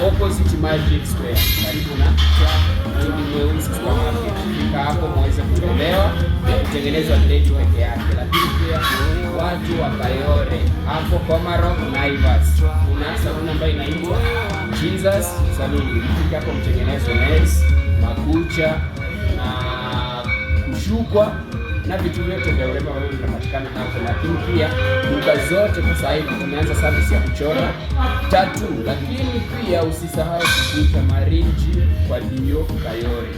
opposite Magic Square, karibu na Mtindi Mweusi kwa kufika hapo mweze kutolewa na kutengenezwa gredi peke yake, lakini pia watu wa Kayole hapo Komaro, Naivas kuna saluni ambayo inaitwa Jesus Saluni, kufika hapo mtengenezwe nails, makucha na kushukwa na vitu vyote vya urembo ambavyo vinapatikana hapo, lakini pia duka zote. Kwa sasa hivi tumeanza service ya kuchora tatu, lakini pia usisahau kuita marinji kwa dio kayori.